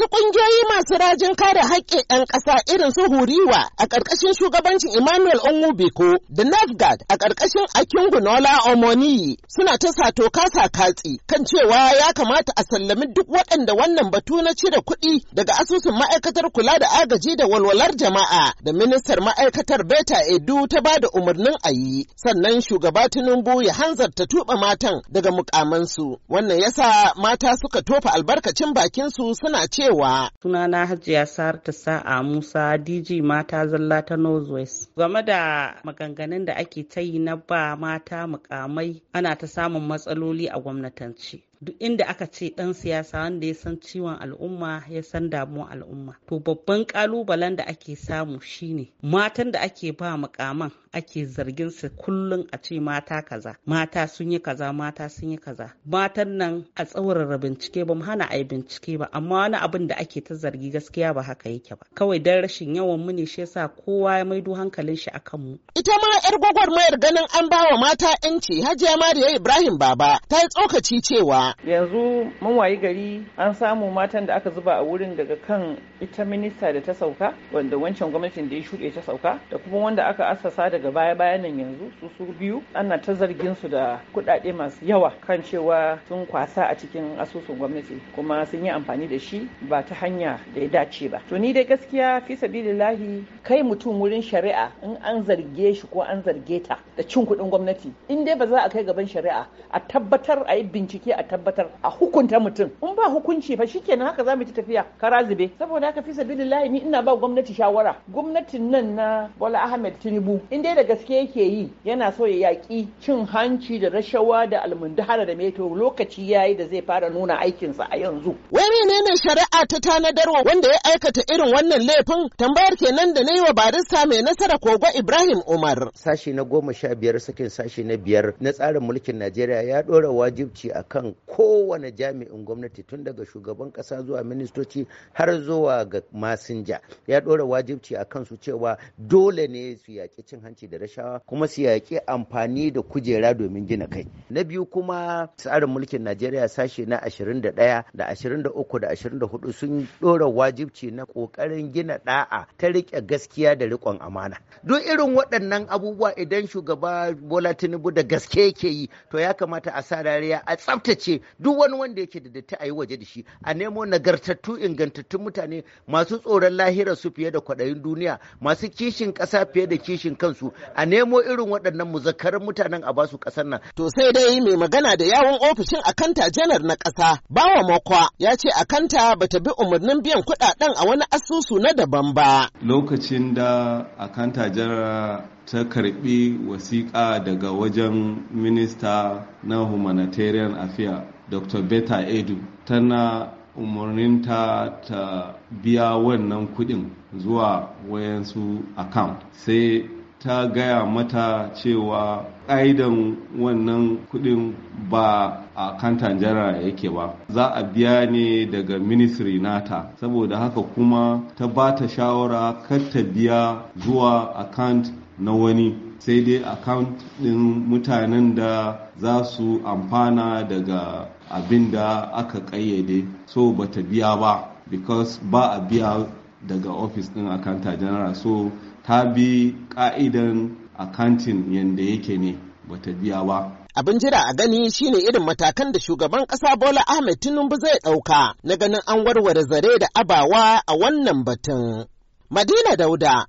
Wasu ƙungiyoyi masu rajin kare haƙƙin 'yan ƙasa irin su Huriwa a ƙarƙashin shugabancin Emmanuel onwubeko da NAFGAD a ƙarƙashin Akingunola Omoniyi suna ta sato kasa katsi kan cewa ya kamata a sallami duk waɗanda wannan batu na cire kuɗi daga asusun ma'aikatar kula da agaji da walwalar jama'a da ministar ma'aikatar Beta Edu ta ba da umarnin a yi sannan shugaba Tinubu ya hanzarta tuɓa matan daga mukamansu. Wannan yasa mata suka tofa albarkacin bakinsu suna cewa cewa sunana hajiya sarta sa'a musa dg mata zalla ta northwest game da maganganun da ake ta yi na ba mata mukamai ana ta samun matsaloli a gwamnatance duk inda aka ce dan siyasa wanda ya san ciwon al'umma ya san damuwar al'umma to babban kalubalen da ake samu shine matan da ake ba mukaman ake zargin su kullum a ce mata kaza mata sun yi kaza mata sun yi kaza matan nan a tsaurara bincike ba mu hana a yi bincike ba amma wani abin da ake ta zargi gaskiya ba haka yake ba kawai dan rashin yawan mu ne shi yasa kowa ya maido hankalin shi akan mu ita ma yar gwagwarmayar ganin an bawa mata 'yanci hajiya mariya ibrahim baba ta yi tsokaci cewa Yanzu mun wayi gari an samu matan da aka zuba a wurin daga kan ita minista da ta sauka wanda wancan gwamnatin da ya shuɗe ta sauka da kuma wanda aka asasa daga baya bayan nan yanzu su su biyu ana ta zargin su da kuɗaɗe masu yawa kan cewa sun kwasa a cikin asusun gwamnati kuma sun yi amfani da shi ba ta hanya da ya dace ba. To ni dai gaskiya fi sabilillahi kai mutum wurin shari'a in an zarge shi ko an zarge ta da cin kuɗin gwamnati in dai ba za a kai gaban shari'a a tabbatar a yi bincike a tabbatar tabbatar a hukunta mutum in ba hukunci fa shikenan haka za mu ci tafiya kara zube saboda haka fi sabilillahi ni ina ba gwamnati shawara gwamnatin nan na Bola Ahmed Tinubu in dai da gaske yake yi yana so ya yaki cin hanci da rashawa da almundahara da meto lokaci yayi da zai fara nuna aikin sa a yanzu wai menene shari'a ta tanadarwa wanda ya aikata irin wannan laifin tambayar kenan da na yi wa barista mai nasara kogo Ibrahim Umar sashi na goma sha biyar sakin sashi na biyar na tsarin mulkin Najeriya ya ɗora wajibci akan kowane jami'in gwamnati tun daga shugaban kasa zuwa ministoci har zuwa ga masinja ya ɗora wajibci a kansu cewa dole ne su yaƙi cin hanci da rashawa kuma su yaƙi amfani da kujera domin gina kai na biyu kuma tsarin mulkin najeriya sashe na 21 da 23 da 24 sun ɗora wajibci na ƙoƙarin gina ɗa'a ta riƙe gaskiya da riƙon amana duk irin waɗannan abubuwa idan shugaba bola tinubu da gaske yake yi to ya kamata a sa rariya a tsaftace duk wani wanda yake da datti a yi waje da shi a nemo nagartattu ingantattun mutane masu tsoron lahirar su fiye da kwaɗayin duniya masu kishin ƙasa fiye da kishin kansu a nemo irin waɗannan muzakkarin mutanen a basu ƙasar nan. To sai dai mai magana da yawon ofishin akanta janar na ƙasa bawa makwa ya ce akanta bata bi umarnin biyan kuɗaɗen a wani asusu na daban ba. Lokacin da akanta janar ta karbi wasiƙa daga wajen minista na humanitarian affairs dr beta edu tana umarninta ta biya wannan kudin zuwa wayansu account sai ta gaya mata cewa ƙa'idan wannan kudin ba a kantan jara yake ba za a biya ne daga ministry nata saboda haka kuma ta ba ta shawara kar ta biya zuwa account na wani sai dai account ɗin mutanen da za su amfana daga abin da aka ƙayyade so ta biya ba because ba a biya daga office ɗin akanta general so ta bi ka'idan accounting yadda yake ne ba ta biya ba abin jira a gani shine irin matakan da shugaban ƙasa bola ahmed tinubu zai ɗauka na ganin an warware zare da abawa a wannan batun madina dauda